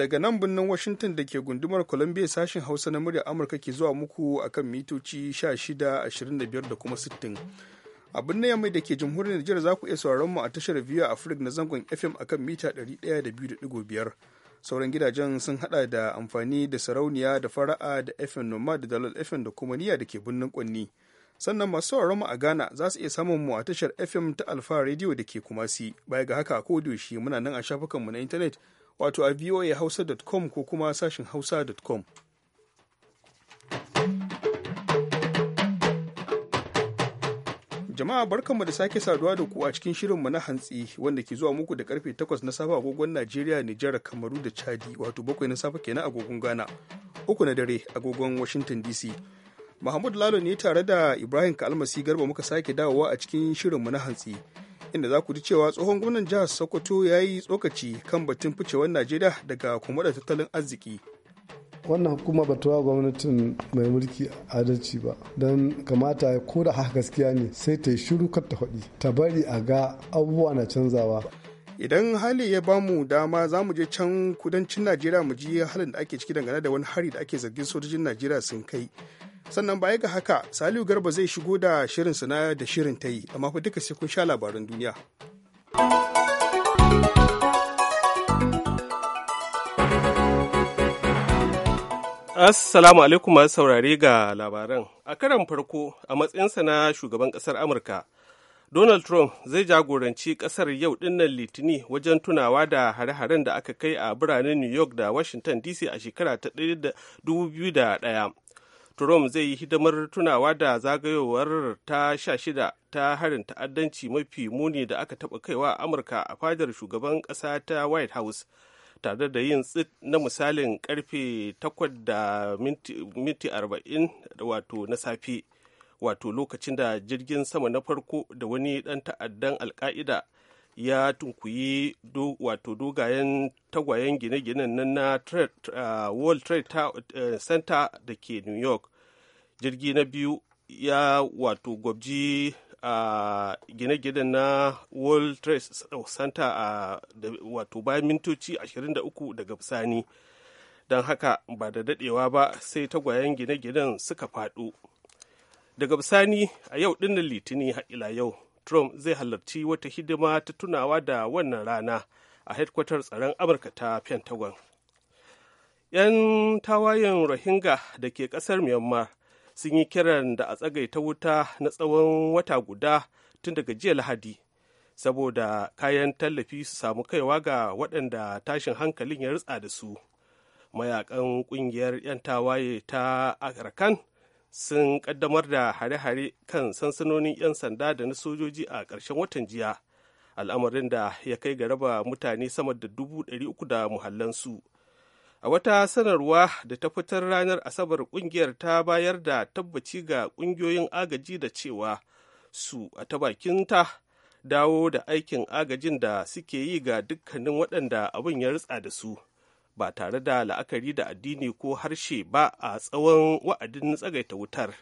daga nan birnin Washington da ke gundumar Columbia sashen Hausa na muryar Amurka ke zuwa muku akan mitoci 16, 25 da kuma 60. Abin na yamma da ke jamhuriyar Nijar za ku iya sauraron mu a tashar a Africa na zangon FM akan mita 102.5. Sauran gidajen sun hada da amfani da sarauniya da fara'a da FM Nomad da Dalal FM da kuma niyya da ke birnin Kwanni. sannan masu sauraron mu a Ghana za su iya samun mu a tashar FM ta Alfa Radio da ke Kumasi. Baya ga haka a yaushe muna nan a shafukanmu na intanet wato a voahausa.com ko kuma sashin hausa.com. Jama'a barkanmu da sake saduwa da ku a cikin shirinmu na hantsi wanda ke zuwa muku da karfe 8 na safe agogon Najeriya, Nijar, Kamaru da Chadi wato bakwai na safe kenan agogon Ghana, uku na dare agogon Washington DC. Muhammadu Lalo ne tare da Ibrahim Kalmasi Garba muka sake dawowa a cikin shirinmu na hantsi. inda za ku ji cewa tsohon gwamnan jihar sokoto ya yi tsokaci kan batun ficewar najeriya daga kuma da tattalin arziki wannan hukuma ba wa gwamnatin mai mulki adalci ba don kamata ko da haka gaskiya ne sai ta yi shiru kar ta faɗi ta bari a ga abubuwa na canzawa idan hali ya ba mu dama za mu je can kudancin najeriya mu ji halin da ake ciki dangane da wani hari da ake zargin sojojin najeriya sun kai sannan baya ga haka saliu garba zai shigo da shirin suna da shirin ta yi amma fa duka sai kun sha labaran duniya Assalamu alaikum masu saurare ga labaran. A karan farko a matsayinsa na shugaban ƙasar Amurka, Donald Trump zai jagoranci ƙasar yau dinnan Litini wajen tunawa da hare-haren da aka kai a biranen New York da Washington DC a shekara ta 2001 Trump zai yi hidimar tunawa da zagayowar ta sha shida ta harin ta'addanci mafi muni da aka taɓa kaiwa a Amurka a fadar shugaban ƙasa ta White House tare da yin tsit na misalin karfe 8 da minti 40 wato na safe wato lokacin da jirgin sama na farko da wani ɗan ta'addan alka'ida ya tunkuyi wato dogayen tagwayen gine-ginen nan na uh, world trade eh, center da ke new york jirgi na biyu ya wato gwabji a uh, gine-ginen na world trade center uh, a wato bayan mintoci 23 daga bisani don haka ba da dadewa ba sai tagwayen gine-ginen suka faɗo daga bisani a yau dinnan litini ila yau trump zai halarci wata hidima ta tunawa da wannan rana a hedkwatar tsaron amurka ta pentagon 'yan tawayen rohingya da ke kasar myanmar sun yi kiran da a tsagaita wuta na tsawon wata guda tun daga jiya lahadi saboda kayan tallafi su samu kaiwa ga waɗanda tashin hankalin ya ritsa da su mayakan ƙungiyar 'yan tawaye ta arakan sun kaddamar da hare-hare kan sansanonin 'yan sanda da na sojoji a ƙarshen watan jiya al'amarin da ya kai ga raba mutane sama da dubu ɗari uku da muhallansu a wata sanarwa da ta fitar ranar asabar ƙungiyar ta bayar da tabbaci ga ƙungiyoyin agaji da cewa su a ta bakin ta dawo da aikin agajin da suke yi ga dukkanin waɗanda abin ya ritsa da su ba tare da la'akari da addini ko harshe ba a tsawon wa'adin tsagaita wutar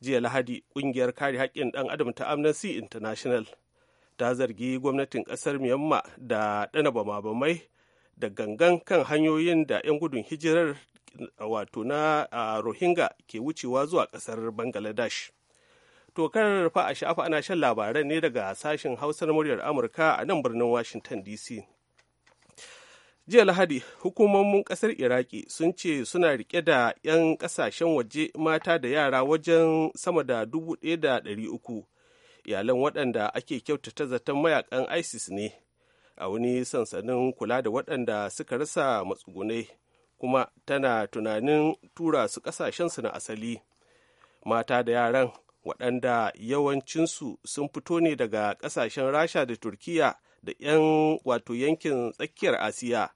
jiya lahadi ƙungiyar kare haƙƙin ɗan adam ta amnesty international ta zargi gwamnatin ƙasar myanmar da ɗana bama-bamai da gangan kan hanyoyin da 'yan gudun hijirar wato na rohingya ke wucewa zuwa ƙasar bangladesh tokar fa a sha'afa ana shan labaran ne daga sashen hausar muryar amurka a nan birnin washington dc jiya lahadi hukumomin kasar iraki sun ce suna rike da 'yan kasashen waje mata da yara wajen sama da 1,300 iyalan waɗanda ake kyautata zaton mayakan isis ne a wani sansanin kula da waɗanda suka rasa matsugunai kuma tana tunanin tura su ƙasashensu na asali mata da yaran waɗanda yawancinsu sun fito ne daga ƙasashen rasha da turkiya da 'yan wato yankin tsakiyar asiya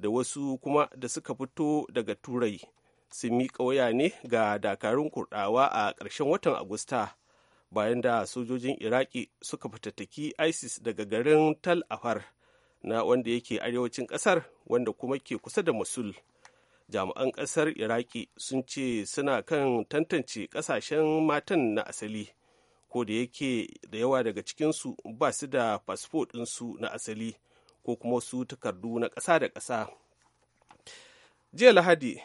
da wasu kuma da suka fito daga turai sun miƙa waya ne ga dakarun kurɗawa a ƙarshen watan agusta bayan da sojojin iraki suka fitattaki isis daga garin tal afar na wanda yake arewacin ƙasar wanda kuma ke kusa da musul jami'an ƙasar iraki sun ce suna kan tantance ƙasashen matan na asali ko da yake da yawa daga cikinsu ba su da fasfo ɗinsu na asali ko kuma wasu takardu na ƙasa da ƙasa jiya lahadi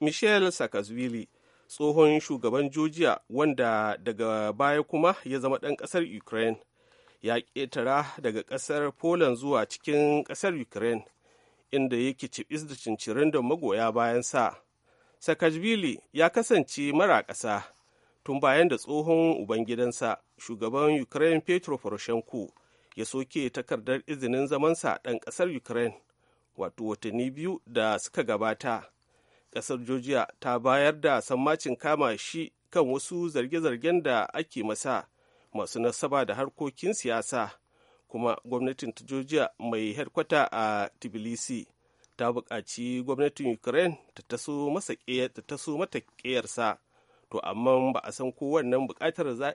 michel sakazwili tsohon shugaban georgia wanda daga baya kuma ya zama ɗan ƙasar ukraine ya ƙetara daga ƙasar poland zuwa cikin ƙasar ukraine inda yake cibis da cincirin da magoya bayan sa sakajvili ya kasance mara ƙasa tun bayan da tsohon ubangidansa shugaban ukraine petro poroshenko ya soke takardar izinin zamansa ɗan ƙasar ukraine wato watanni biyu da suka gabata ƙasar georgia ta bayar da sammacin kama shi kan wasu zarge-zargen da ake masa masu nasaba da harkokin siyasa kuma gwamnatin ta georgia mai harkwata a tbilisi ta buƙaci gwamnatin ukraine ta taso mata ƙiyarsa to amma ba a san ko wannan buƙatar za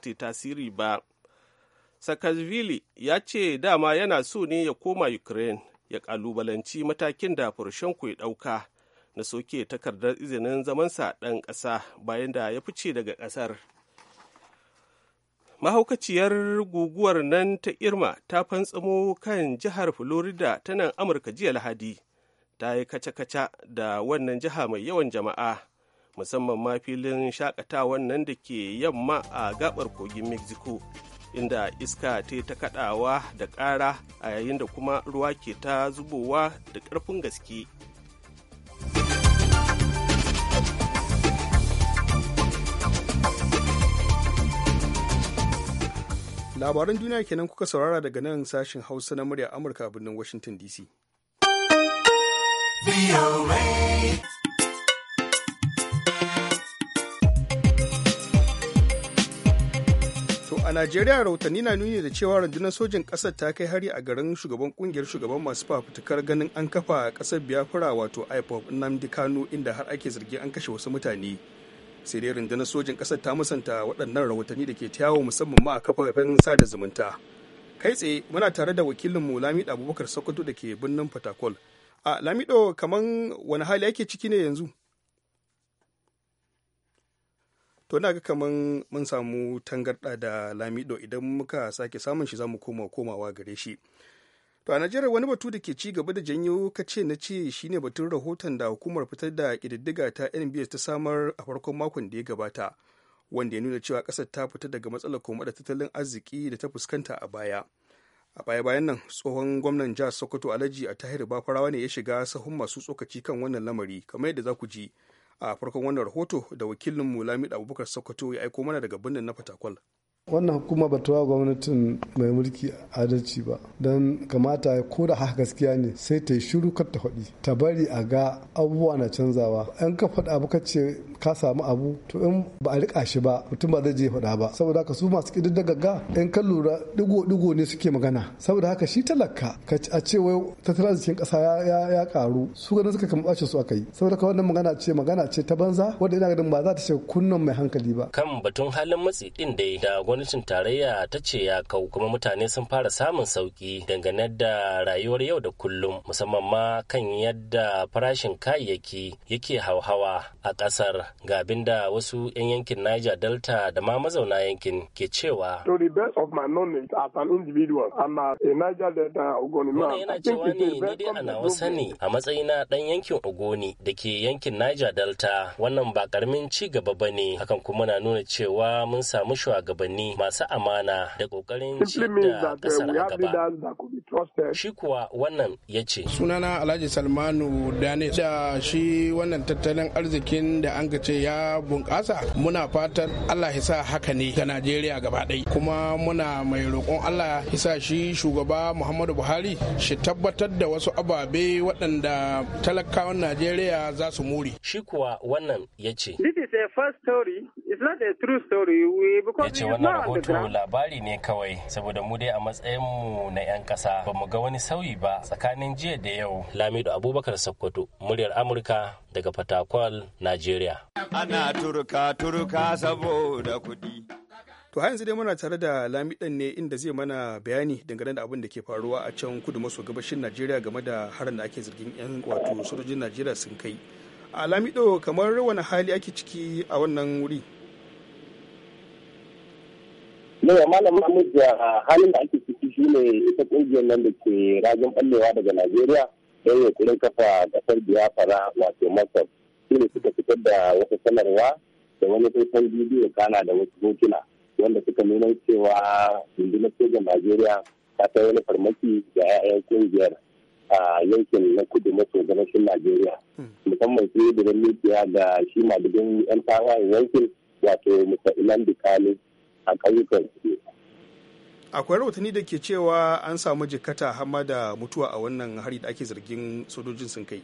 ta yi tasiri ba Sakazvili ya ce dama yana so ne ya koma Ukraine ya kalubalanci matakin da Poroshenko ya ɗauka na soke takardar izinin zamansa ɗan ƙasa bayan da ya fice daga ƙasar. Mahaukaciyar guguwar nan ta Irma ta fantsamo kan jihar Florida ta nan Amurka jiya Lahadi. Ta yi kaca-kaca da wannan jiha mai yawan jama'a, musamman ma filin shakatawan nan da ke yamma a gabar kogin Mexico. inda iska ta ta kadawa da ƙara a yayin da kuma ruwa ke ta zubowa da ƙarfin gaske labaran duniya kenan kuka saurara daga nan sashen hausa na murya amurka a birnin washington dc a najeriya rahotanni na nuni da cewa rundunar sojin ƙasar ta kai hari a garin shugaban kungiyar shugaban masu fafutukar ganin an kafa ƙasar biafra wato ipop Namdi kano inda har ake zargi an kashe wasu mutane sai dai rundunar sojin ƙasar ta musanta waɗannan rahotanni da ke yawo musamman ma a kafafen sada zumunta kai tsaye muna tare da wakilin wakilinmu lamido abubakar sokoto da ke birnin fatakol a lamido kaman wani hali ake ciki ne yanzu to na ga kaman mun samu tangarɗa da lamido idan muka sake samun shi za mu koma komawa gare shi to a najeriya wani batu da ke ci gaba da janyo ka ce na ce shine batun rahoton da hukumar fitar da kididdiga ta nbs ta samar a farkon makon da ya gabata wanda ya nuna cewa kasar ta fita daga matsalar koma da tattalin arziki da ta fuskanta a baya a baya bayan nan tsohon gwamnan jihar sokoto alhaji a tahir bafarawa ne ya shiga sahun masu tsokaci kan wannan lamari kamar yadda za ku ji a farkon wannan rahoto da wakilin mu lami abubakar sokoto ya aiko mana daga birnin na fatakwal wannan hukuma ba ta gwamnatin mai mulki adalci ba don kamata ko da haka gaskiya ne sai ta yi shiru kar ta faɗi ta bari a ga abubuwa na canzawa in ka faɗa abu ka ce ka samu abu to in ba a riƙa shi ba mutum ba zai je faɗa ba saboda haka su masu ƙididdiga ga in ka lura ɗigo-ɗigo ne suke magana saboda haka shi talaka a ce wai tattalin arzikin ƙasa ya ƙaru karu su ganin suka kama ɓace su aka yi saboda haka wannan magana ce magana ce ta banza wanda ina ganin ba za ta shiga kunnan mai hankali ba kan batun halin matsi ɗin da ya gwamnatin tarayya ta ce ya kau kuma mutane sun fara samun sauki dangane da rayuwar yau da kullum musamman ma kan yadda farashin kayayyaki yake hauhawa a ƙasar ga abin da wasu 'yan yankin Niger Delta da ma mazauna yankin ke cewa. To the a Niger Delta Ogoni yana cewa ne ni dai ana nawa sani a matsayina ɗan yankin Ogoni da ke yankin Niger Delta wannan ba karamin ci gaba ba ne hakan kuma na nuna cewa mun samu shugabanni masu amana da ƙoƙarin uh, Shi kuwa wannan ya ce. Sunana Alhaji Salmanu Dane da shi wannan tattalin arzikin da an ce ya bunƙasa muna fatan Allah ya sa haka ne ga Najeriya gaba ɗaya kuma muna mai roƙon Allah ya sa shi shugaba Muhammadu Buhari shi tabbatar da wasu ababe waɗanda talakawan Najeriya za su muri. Shi kuwa wannan ya ce. is a Yace wannan rahoto labari ne kawai saboda mu dai a matsayin mu na 'yan kasa ba mu ga wani sauyi ba tsakanin jiya da yau. Lamido Abubakar Sokoto, muryar Amurka daga Fatakwal, Najeriya. Ana turka turka saboda kuɗi. To yanzu dai muna tare da Lamidan ne inda zai mana bayani dangane da abin da ke faruwa a can kudu maso gabashin Najeriya game da harin da ake zargin 'yan wato sojojin Najeriya sun kai. alamido kamar wani hali ake ciki a wannan wuri yau malam mahmud da halin da ake ciki shi ne ita kungiyar nan da ke rajin ballewa daga najeriya don yankurin kafa gasar biyafara wato masar ne suka fitar da wata sanarwa da wani faifan bidiyo kana da wasu hotuna wanda suka nuna cewa rundunar sojan najeriya ta kai wani farmaki ga 'ya'yan kungiyar a yankin na kudu maso gabashin najeriya musamman su yi da mikiya da shi madadin yan a yankin wato musa'ilan kalu a ƙauyukan su akwai rahotanni da ke cewa an samu jikata hama da mutuwa a wannan hari da ake zargin sojojin sun kai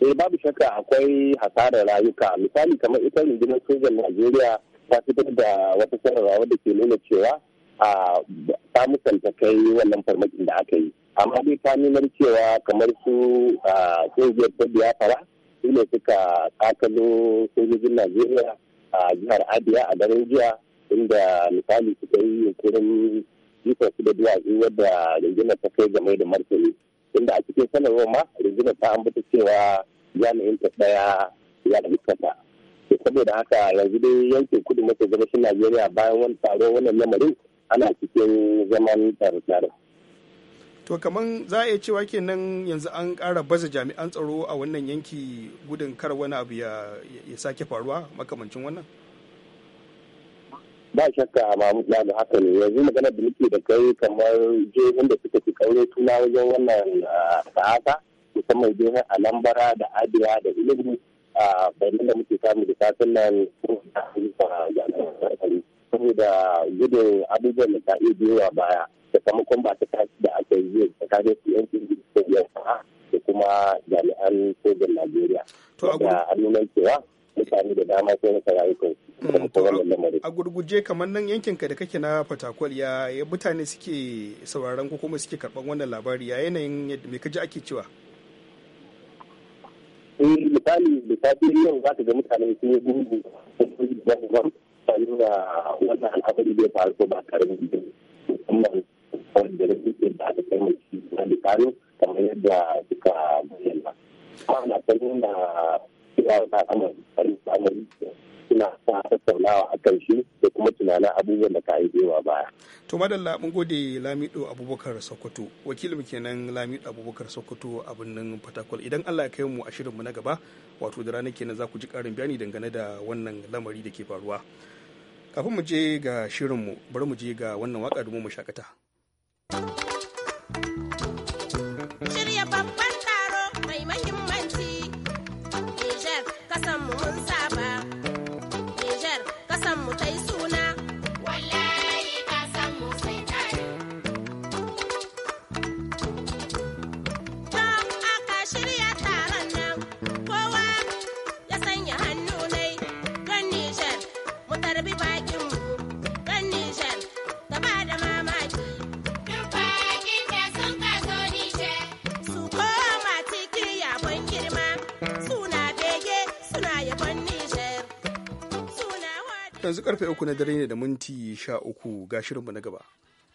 eh babu shakka akwai hasarar rayuka misali kamar ita rundunar sojan najeriya ta fitar da wata sanarwa da ke nuna cewa ta musanta kai wannan farmakin da aka yi amma dai ta nunar cewa kamar su a kungiyar ta biyafara su ne suka kakalo sojojin najeriya a jihar abia a garin jiya inda misali suka yi yunkurin jifar su da duwatsu wadda rundunar ta kai game da martani inda a cikin sanarwar ma rundunar ta ambata cewa jami'in ta daya ya da iskata saboda haka yanzu dai yankin kudu maso gabashin najeriya bayan wani taro wannan lamarin ana cikin zaman tsare-tsare. To kamar za a iya cewa kenan yanzu an ƙara baza jami'an tsaro a wannan yanki gudun kar wani abu ya sake faruwa makamancin wannan? Ba shakka a mamu da haka ne yanzu magana da muke da kai kamar jihohin da suka fi kaure tuna wajen wannan ah, sa'asa musamman jihohin Alambara da adiya da Ilimi a ah, bayanan da muke samu da sasan nan saboda gudun abubuwan da ka iya biyowa baya sakamakon ba ta tashi da aka yi tsakanin su yan kungiyar kungiyar da kuma jami'an sojan Najeriya. da annunan cewa mutane da dama sun rasa rayukansu. Mm, a gurguje kamar nan yankinka da kake na Fatakwal ya mutane suke sauraron ko kuma suke karban wannan labari ya yanayin yadda mai kaji ake cewa. Eh, misali, da misali yau za ka ga mutane sun yi gungu ta nuna wannan al'amari zai faru ba karamin gidan musamman wanda da suke da aka mai shi na da kamar yadda suka bayyana. Kwana ta nuna cewa ta al'amari suna sa tattaunawa a kan shi da kuma tunanin abubuwan da ka yi zewa baya. To madalla mun gode Lamido Abubakar Sokoto wakilin kenan Lamido Abubakar Sokoto a birnin Fatakwal idan Allah ya kai mu a shirinmu na gaba wato da ranar kenan za ku ji karin bayani dangane da wannan lamari da ke faruwa. kafin mu je ga shirinmu bari mu je ga wannan waka domin mu shakata. yanzu karfe uku na dare ne da minti sha uku ga shirinmu na gaba.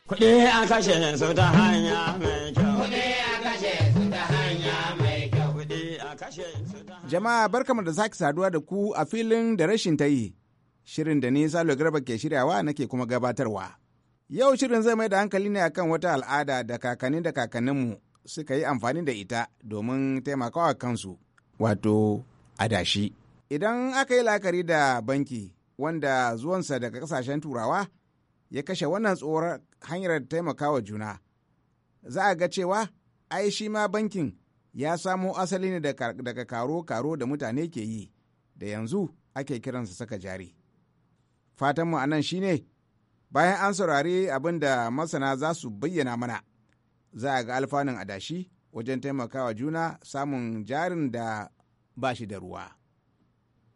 Kuɗi a kashe su ta hanya mai kyau. Kuɗi a kashe su ta hanya mai kyau. Kuɗi a kashe su ta Jama'a barkamu da sake saduwa da ku a filin da rashin ta yi. Shirin da ni Salo Garba ke shiryawa nake kuma gabatarwa. Yau shirin zai mai da hankali ne akan wata al'ada da kakanni da kakanninmu suka yi amfani da ita domin taimakawa kansu wato adashi. Idan aka yi la'akari da banki wanda zuwansa daga kasashen turawa ya kashe wannan tsoron hanyar taimakawa juna za a ga cewa ai shi ma bankin ya samo asali ne daga karo-karo da mutane ke yi da yanzu ake kiransa saka jari fatanmu a nan shine bayan an saurari abin da masana za su bayyana mana za a ga alfanun adashi wajen taimakawa juna samun jarin da ba shi da ruwa.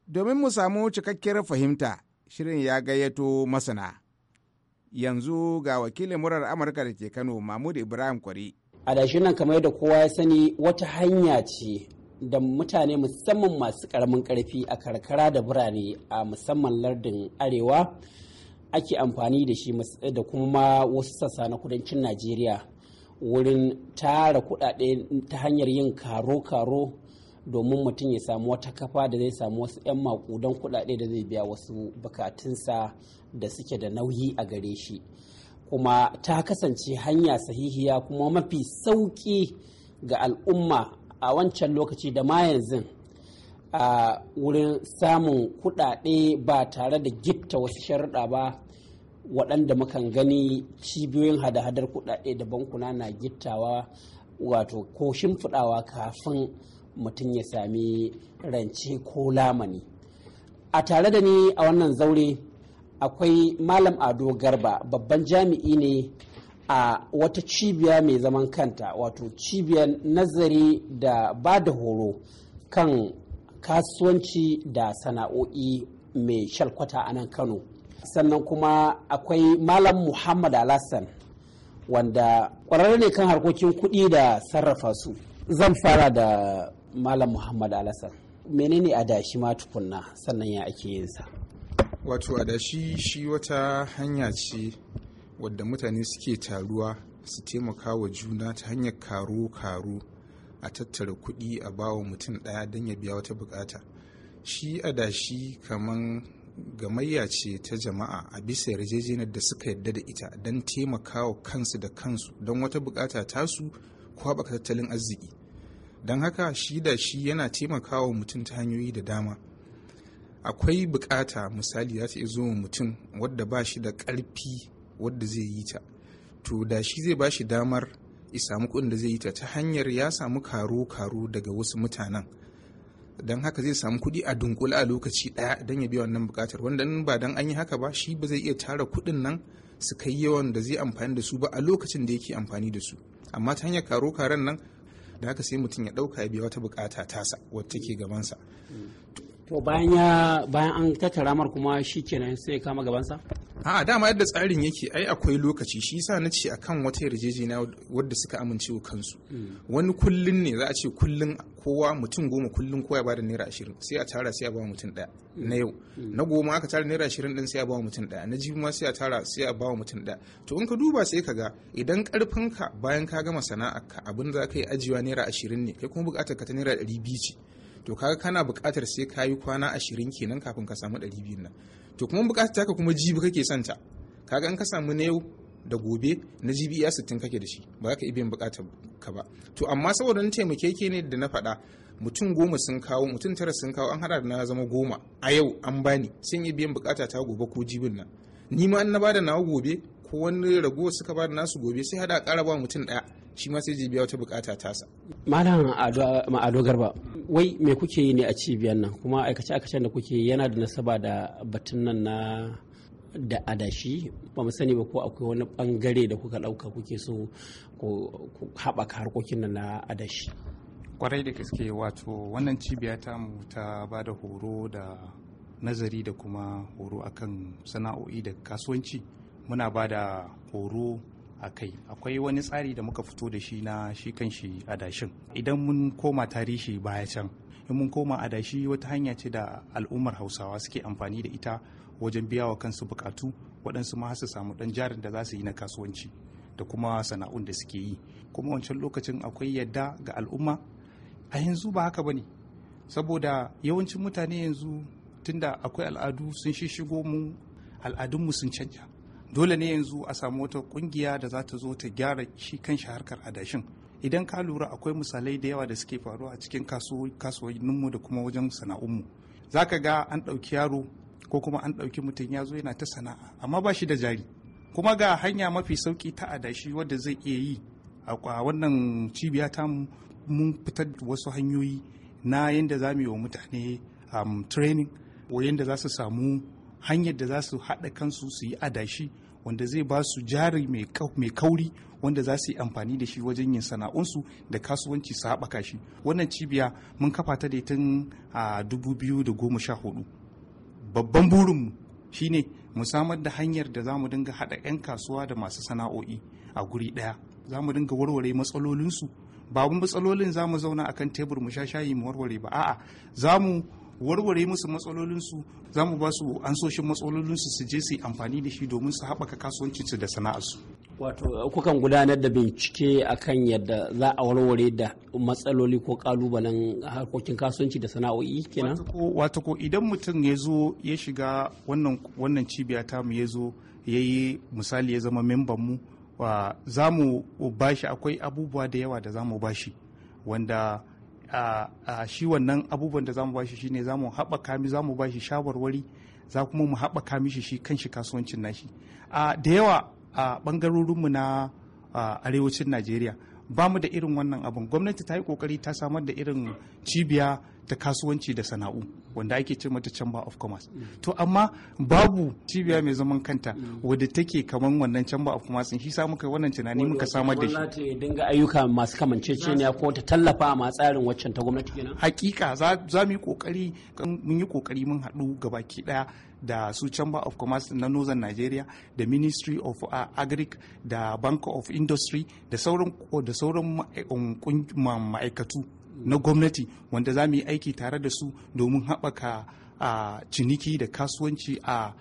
Domin mu samu cikakkiyar fahimta, shirin ya gayyato masana. Yanzu ga wakilin murar Amurka da ke Kano, Mahmud Ibrahim Kwari. Adashin nan kamar da kowa ya sani wata hanya ce da mutane musamman masu karamin karfi a karkara da birane a musamman lardin arewa ake amfani da shi da kuma wasu sassa na kudancin Najeriya wurin tara kudade ta hanyar yin karo-karo domin mutum ya samu wata kafa da zai samu wasu 'yan makudan kuɗaɗe da zai biya wasu bukatunsa da suke da nauyi a gare shi kuma ta kasance hanya sahihiya kuma mafi sauƙi ga al'umma a wancan lokaci da ma yanzu a wurin samun kuɗaɗe ba tare da gifta wasu sharuɗa ba waɗanda mukan gani cibiyoyin hada-hadar kuɗaɗe da bankuna na gittawa wato ko shimfiɗawa kafin mutum ya sami rance ko lamani a tare da ni a wannan zaure akwai malam ado garba babban jami'i ne a wata cibiya mai zaman kanta wato cibiyar nazari da ba da horo kan kasuwanci da sana'o'i mai shalkwata a nan kano sannan kuma akwai malam muhammad alassan wanda ƙwararre ne kan harkokin kuɗi da sarrafa su zan fara da malam muhammad alasan menene adashi ma tukunna sannan ya ake yin sa wato adashi shi wata hanya ce wadda mutane suke taruwa su taimaka wa juna ta hanyar karo-karo a tattara kuɗi a bawa mutum ɗaya don ya biya wata bukata shi adashi kaman gamayya ce ta jama'a a bisa yarjejeniyar da suka yarda da ita don taimaka wa kansu da kansu don wata bukata tasu ko tattalin arziki don haka shi da shi yana taimakawa mutum ta hanyoyi da dama akwai bukata misali za ta iya mutum wadda ba shi da karfi wadda zai yi ta to da shi zai ba shi damar samu kuɗin da zai yi ta ta hanyar ya samu karo-karo daga wasu mutanen don haka zai samu kuɗi a dunkula a lokaci ɗaya don ya biya wannan buƙatar wanda in ba don an yi haka ba shi ba zai iya tara kuɗin nan su kai yawan da zai amfani da su ba a lokacin da yake amfani da su amma ta hanyar karo karen nan da haka sai mutum ya ɗauka ya biya wata bukata tasa wacce ke gabansa to bayan ya bayan an tattara mar kuma shi kenan sai kama gabansa a dama yadda tsarin yake ai akwai lokaci shi yasa na ce akan wata yarjejeniya wadda suka amince kansu hmm. wani kullun ne za a ce kullun kowa mutum goma kullum kowa ya bada naira ashirin sai a tara sai a bawa mutum ɗaya na yau na goma aka tara naira ashirin din sai a bawa mutum ɗaya na jibi ma sai a tara sai a bawa mutum daya to in ka duba sai ka ga idan ka bayan ka gama sana'a abin da ka yi ajiyewa naira ashirin ne kai kuma buƙatar ka ta naira ɗari biyu ce to kaga kana bukatar sai ka yi kwana ashirin kenan kafin ka samu ɗari biyun nan to kuma buƙatar ka kuma jibi kake son ta kaga in ka samu na yau da gobe na GBA 60 kake da shi ba za ka ibiyan bukata ka ba to amma saboda na taimakeke ne da na faɗa mutum goma sun kawo mutum tara sun kawo an hada da na zama goma a yau an bani sun yi biyan bukata ta gobe ko jibin nan ni ma an na bada nawa gobe ko wani rago suka bada nasu gobe sai hada ƙara ba mutum ɗaya shi ma sai jibiya wata bukata tasa. malam ma'ado garba wai me kuke yi ne a cibiyar nan kuma aikace aikacen da kuke yana da nasaba da batun nan na da adashi ba mu sani ba ko akwai wani bangare da kuka ɗauka kuke so ku haɓaka harkokin nan na adashi kwarai da gaske wato wannan cibiya ta mu ta ba da horo da nazari da kuma horo akan sana'o'i da kasuwanci muna ba da horo a kai akwai wani tsari da muka fito da shi na shi kan shi adashin idan mun koma tarihi baya can in mun koma adashi wata hanya ce da al'ummar hausawa suke amfani da ita wajen biya wa kansu bukatu waɗansu ma su samu ɗan jarin da za su yi na kasuwanci da kuma sana'un da suke yi kuma wancan lokacin akwai yadda ga al'umma a yanzu ba haka ba ne saboda yawancin mutane yanzu tunda akwai al'adu sun shishigo mu al'adunmu sun canja dole ne yanzu a samu wata kungiya da za ta zo ta gyara shi kan shi harkar adashin idan ka lura akwai misalai da yawa da suke faruwa a cikin kasuwanninmu da kuma wajen sana'unmu za ka ga an ɗauki yaro ko kuma an ɗauki mutum ya zo yana ta sana'a amma ba shi da jari kuma ga hanya mafi sauki ta adashi wadda zai iya yi a wannan cibiya ta mun fitar wasu hanyoyi na yadda za mu yi wa mutane um, training ko yadda za su samu hanyar da za su haɗa kansu su yi adashi wanda zai ba su jari mai kauri wanda za su yi amfani da shi wajen yin sana'unsu da kasuwanci su haɓaka shi wannan cibiya mun kafa ta da tun a 2014 babban burinmu shine mu samar da hanyar da za mu dinga haɗa 'yan kasuwa da masu sana'o'i a guri ɗaya za mu dinga warware matsalolinsu ba matsalolin za mu zauna akan tebur mu sha shayi mu warware ba a'a za mu warware musu matsalolinsu za mu ba su ansoshin matsalolinsu su je su amfani da shi domin su haɓaka kasuwancinsu da sana'arsu wato kukan gudanar da bincike akan yadda za a warware da matsaloli ko kalubalen harkokin kasuwanci da sana'o'i kenan wato ko idan mutum ya zo ya shiga wannan wannan cibiya ta mu ya zo ya yi misali ya zama memban mu za mu bashi akwai abubuwa da yawa da za mu bashi wanda A shi wannan abubuwan da zamu bashi shine zamu haɓaka mi zamu bashi shawarwari za kuma mu haɓaka mishi shi kan shi kasuwancin nashi da yawa a ɓangarorinmu na arewacin najeriya ba mu da irin wannan abun gwamnati ta yi ƙoƙari ta samar da irin cibiya ta kasuwanci da sana'u wanda ake ce mata chamber of commerce to amma babu cibiya mai zaman kanta wadda take kaman wannan chamber of commerce shi sa muka wannan tunani muka samar da shi gwamnati dinga ayyuka masu kamanceceniya ko ta tallafa ma tsarin waccan ta gwamnati kenan hakika za mu yi kokari mun yi kokari mun haɗu gabaki daya da su chamber of commerce na northern nigeria da ministry of uh, agric da bank of industry da sauran da sauran um, ma'aikatu na gwamnati wanda za mu yi aiki tare da su domin haɓaka a ciniki da kasuwanci a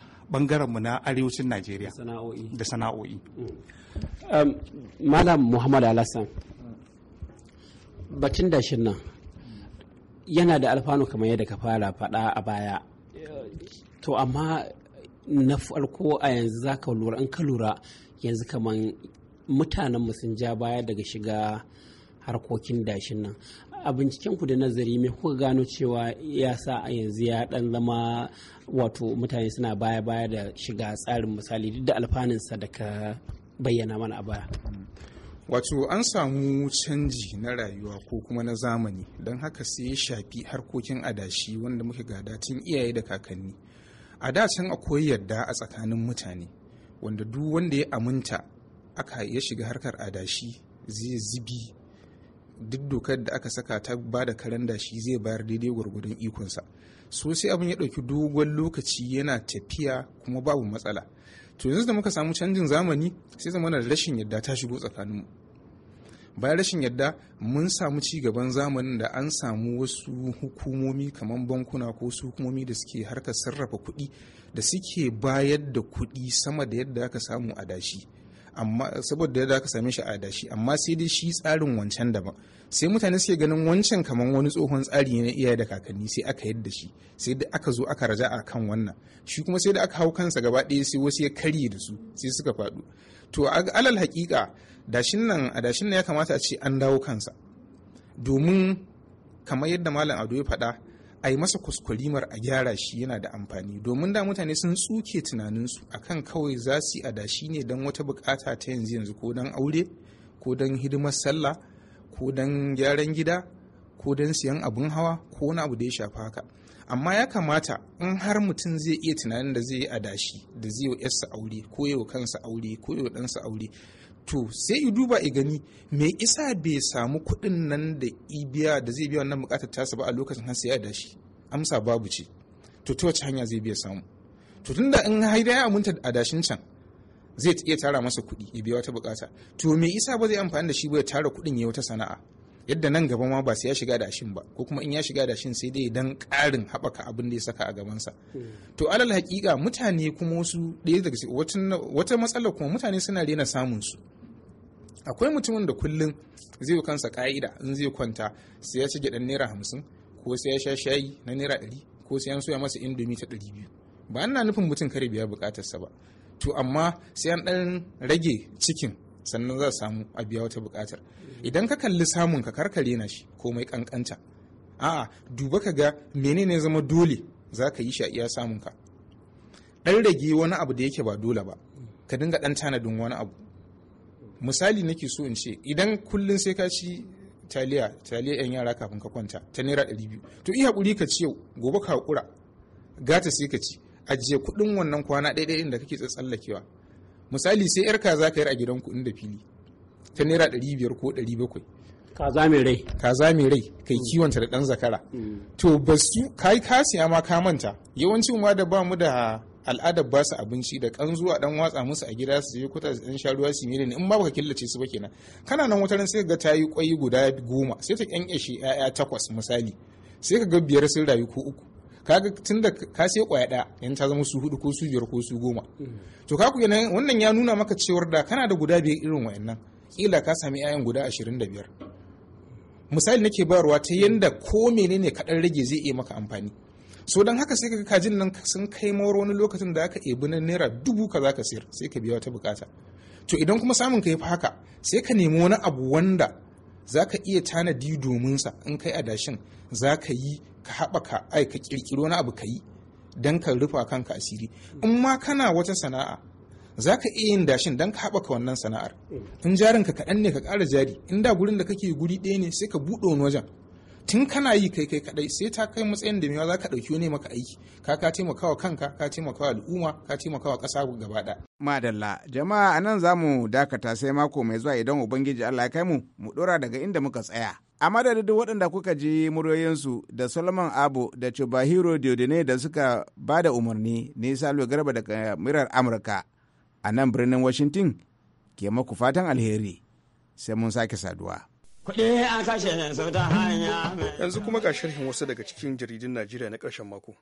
mu na arewacin najeriya da sana'o'i mm. um, malam muhammad alassan batun dashin nan yana da alfanu kamar yadda ka fara faɗa a baya to amma na farko a yanzu za ka lura in ka lura yanzu kamar mutanenmu sun ja baya daga shiga harkokin dashin nan a bincikenku da nazari me kuka gano cewa ya sa a yanzu ya dan zama wato mutane suna baya baya da shiga tsarin misali duk da alfanunsa da ka bayyana mana a baya wato an samu canji na rayuwa ko kuma na zamani don haka sai ya shafi harkokin adashi wanda muke gada tun iyaye da kakanni a da can akwai yadda a tsakanin mutane wanda duk wanda ya aminta aka ya shiga harkar adashi zai zibi duk dokar da aka saka ta ba da karanda shi zai bayar daidai gwargwadon ikonsa so sai abin ya ɗauki dogon lokaci yana tafiya kuma babu matsala to yanzu da muka samu canjin zamani sai zama da rashin yadda ta shigo mu bayan rashin yadda mun samu ci gaban zamanin da an samu wasu hukumomi kamar bankuna ko su hukumomi da suke harkar sarrafa kuɗi da suke bayar da kuɗi sama da yadda aka samu a dashi amma saboda yadda aka same shi a dashi, amma sai dai shi tsarin wancan daban sai mutane suke ganin wancan kamar wani tsohon tsari na iyaye da kakanni sai aka yadda shi sai da aka zo aka raja a kan wannan shi kuma sai da aka hau kansa gaba ɗaya sai wasu ya karye da su sai suka faɗo to alal haƙiƙa dashin nan a dashin nan ya kamata a ce an dawo kansa domin kamar yadda malam ado ya faɗa a yi masa kuskurimar a gyara shi yana da amfani domin da mutane sun tsuke tunaninsu akan kawai za su yi adashi ne don wata bukata ta yanzu yanzu ko don aure ko don hidimar sallah ko don gyaran gida ko don siyan abin hawa ko wani abu da ya shafa haka amma ya kamata in har mutum zai iya tunanin da zai yi adashi da zai yi yarsa aure ko yau kansa aure ko yau ɗansa aure to sai yi duba i gani me isa bai samu kuɗin nan da ibiya da zai biya wannan bukatar tasa ba a lokacin har sai ya dashi amsa babu ce to ta wace hanya zai biya samu to tunda in haida ya aminta a dashin can zai iya tara masa kuɗi ya biya wata bukata to me isa ba zai amfani da shi ba ya tara kuɗin ya wata sana'a yadda nan gaba ma ba sai ya shiga dashin ba ko kuma in ya shiga dashin sai dai dan ƙarin haɓaka abin da ya saka a gabansa hmm. to alal hakika mutane kuma wasu ɗaya daga wata matsalar kuma mutane suna rena samun su akwai mutumin da kullum zai kansa ka'ida in zai kwanta sai ya ci gidan naira hamsin ko sai ya sha shayi na naira ɗari ko sai ya soya masa indomi ta ɗari biyu ba ana nufin mutum kare biya sa ba to amma sai an ɗan rage cikin sannan za samu a biya wata buƙatar idan ka kalli samun ka karkare na shi komai ƙanƙanta a'a duba ka ga menene zama dole za ka yi shi a iya samun ka ɗan rage wani abu da yake ba dole ba ka dinga ɗan tanadin wani abu misali nake so in ce idan kullun sai ka ci taliya taliya yan yara kafin ka kwanta ta naira ɗari to iya hakuri ka ci yau gobe ka hakura gata sai ka ci ajiye kuɗin wannan kwana ɗaya ɗaya da kake tsallakewa misali sai yar kaza ka yar a gidanku inda fili ta naira 500 ko 700. kaza mai rai kaza mai rai kai mm. kiwonta da ɗan zakara mm. to basu kai kasiya ma ka manta yawancin ma da ba mu da al'adar ba su abinci da kan zuwa dan watsa musu a gida su je kuta dan sha ruwa su ne in ba ka killace su ba kenan kana nan wutar sai ga tayi kwai guda goma sai ta kyankyashe 'ya'ya takwas misali sai ka ga biyar sun rayu ko uku kaga tun da ka sai kwaya ɗaya yanzu ta zama su hudu ko su biyar ko su goma mm. to ka kenan wannan ya nuna maka cewar da kana da guda biyar irin wayannan kila ka sami 'ya'yan guda ashirin da biyar misali nake bayarwa ta yanda ko menene kaɗan rage zai iya maka amfani so don haka sai ka kajin nan sun kai mawar wani lokacin da aka ebi na naira dubu ka zaka sayar sai ka biya wata bukata to idan kuma samun ka yafi haka sai ka nemi wani abu wanda zaka iya tanadi domin sa in kai adashin zaka yi ka haɓaka ai ka kirkiro wani abu ka yi don ka rufa kanka asiri in ma kana wata sana'a za ka iya yin dashin don ka haɓaka wannan sana'ar in jarin ka kaɗan ne ka ƙara jari in da gurin da kake guri ɗaya ne sai ka buɗe wani wajen tun kana yi kai kai kadai sai ta kai matsayin da mewa za ka ɗauki wani maka aiki ka ka taimakawa kanka ka taimakawa al'umma ka taimakawa kasa gaba ɗaya. madalla jama'a anan za mu dakata sai mako mai zuwa idan ubangiji allah ya kai mu mu ɗora daga inda muka tsaya a madadin waɗanda kuka ji muryoyinsu da solomon abu da chubahiro diodine da suka ba da umarni ne salwa garba daga mirar amurka a nan birnin washington ke maku fatan alheri sai mun sake saduwa. Kuɗi an kashe su ta hanya. Yanzu kuma ga sharhin wasu daga cikin jaridun Najeriya na ƙarshen mako.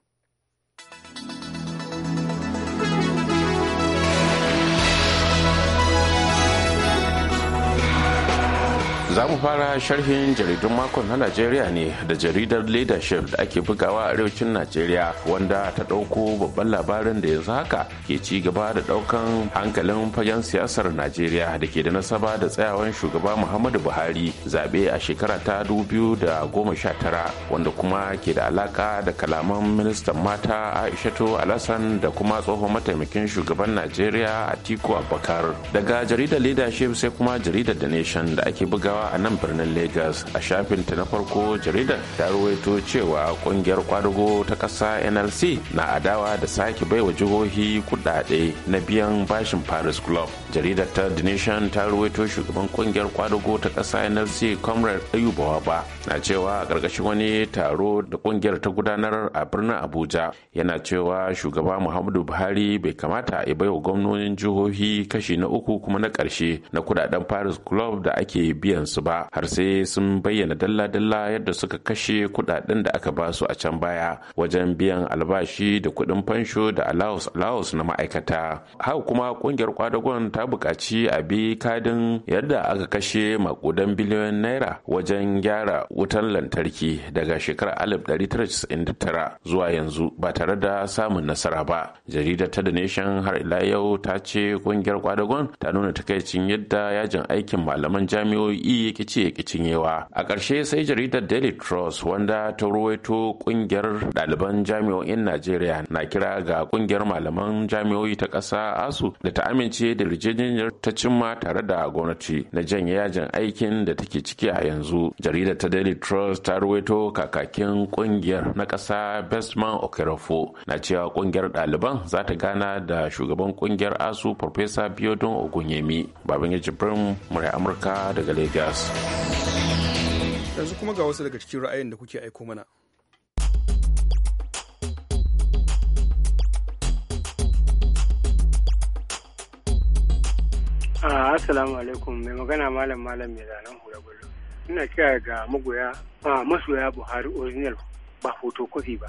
za mu fara sharhin jaridun makon na najeriya ne da jaridar leadership da ake bugawa a arewacin najeriya wanda ta ɗauko babban labarin da yanzu haka ke ci gaba da ɗaukan hankalin fagen siyasar najeriya da ke da nasaba da tsayawan shugaba muhammadu buhari zaɓe a shekara ta da goma sha tara wanda kuma ke da alaka da kalaman ministan mata aishatu alasan da kuma tsohon mataimakin shugaban najeriya atiku abubakar daga jaridar leadership sai kuma jaridar the nation da ake bugawa a nan birnin Legas a shafinta na farko jaridar ta ruwaito cewa kungiyar kwadugo ta ƙasa NLC na adawa da sake baiwa jihohi kudade na biyan bashin Paris Club jaridar ta the nation ta ruwaito shugaban kungiyar kwadago ta ƙasa nlc comrade ayubawa ba na cewa a ƙarƙashin wani taro da kungiyar ta gudanar a birnin abuja yana cewa shugaba muhammadu buhari bai kamata a baiwa gwamnonin jihohi kashi na uku kuma na ƙarshe na kudaden paris club da ake biyan su ba har sai sun bayyana dalla-dalla yadda suka kashe kudaden da aka ba su a can baya wajen biyan albashi da kuɗin fansho da allowance allowance na ma'aikata haka kuma kungiyar kwadagon ta ta buƙaci a bi kadin yadda aka kashe makudan biliyoyin naira wajen gyara wutan lantarki daga shekarar 1999 zuwa yanzu ba tare da samun nasara ba jaridar ta da nation har ila yau ta ce kungiyar kwadagon ta nuna takaicin yadda yajin aikin malaman jami'o'i ya kici ya cinyewa. a ƙarshe sai jaridar daily trust wanda ta ruwaito kungiyar ɗaliban jami'o'in najeriya na kira ga kungiyar malaman jami'o'i ta ƙasa asu da ta amince da rije yarjejeniyar ta cimma tare da gwamnati na jan yajin aikin da take ciki a yanzu jaridar ta daily trust ta ruwaito kakakin kungiyar na ƙasa bestman okerofo na cewa kungiyar daliban za ta gana da shugaban kungiyar asu farfesa biodun ogunyemi baban ya jibrin murai amurka daga lagos yanzu kuma ga wasu daga cikin ra'ayin da kuke aiko mana Assalamu alaikum mai magana malam malam mai zanen hura Ina kira ga magoya ba masoya Buhari original ba fotokofi ba.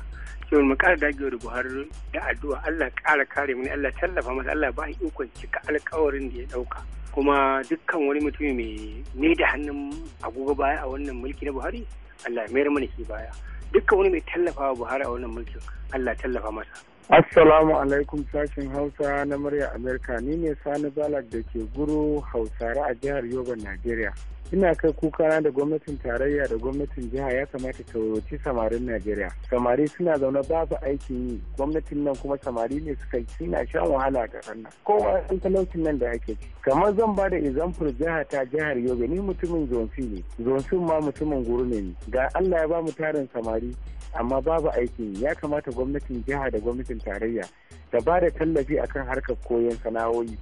Yau mu kara dagewa da Buhari da addu'a Allah kara kare mini Allah tallafa masa Allah ba shi ikon cika alƙawarin da ya ɗauka. Kuma dukkan wani mutum mai ne da hannun agogo baya a wannan mulki na Buhari Allah mayar mana shi baya. Dukkan wani mai tallafa wa Buhari a wannan mulkin Allah tallafa masa. Assalamu alaikum sashen Hausa na murya Amerika ni ne Sani Balak da ke guru Hausare a jihar Yobe, Najeriya. ina kai kukana da gwamnatin tarayya da gwamnatin jiha ya kamata ta wuce samarin najeriya samari suna zaune babu aikin yi gwamnatin nan kuma samari ne suka suna shan wahala ga ƙasar kowa san talaucin nan da ake ci kamar zan ba da example jiha ta jihar yobe ni mutumin zonsi ne zonsi ma mutumin guru ne ga allah ya ba mu tarin samari amma babu aikin ya kamata gwamnatin jiha da gwamnatin tarayya ta ba da tallafi akan harkar koyon sana'o'i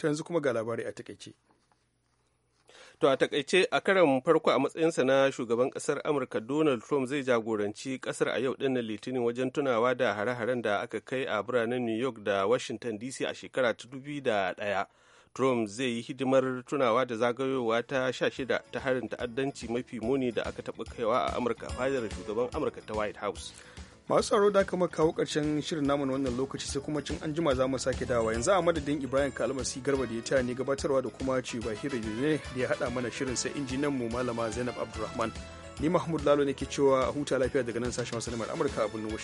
To yanzu kuma ga labarai a takaice. To a takaice a karan farko a matsayinsa na shugaban kasar Amurka Donald Trump zai jagoranci kasar a yau dinnan Litinin wajen tunawa da hare-haren da aka kai a biranen New York da Washington DC a shekara ta ɗaya Trump zai yi hidimar tunawa da zagayowa ta shida ta harin ta'addanci mafi muni da aka taɓa kaiwa a Amurka fadar shugaban Amurka ta White House. masu tsaro da kama kawo karshen shirin namu wannan lokaci sai kuma cin anjima jima za mu sake dawa yanzu a madadin ibrahim kalmasi garba da ya taya ne gabatarwa da kuma ci bahira ne da ya haɗa mana shirin sai injinan mu malama zainab abdulrahman ni mahmud lalo ne ke cewa huta lafiya daga nan sashen wasu amurka a birnin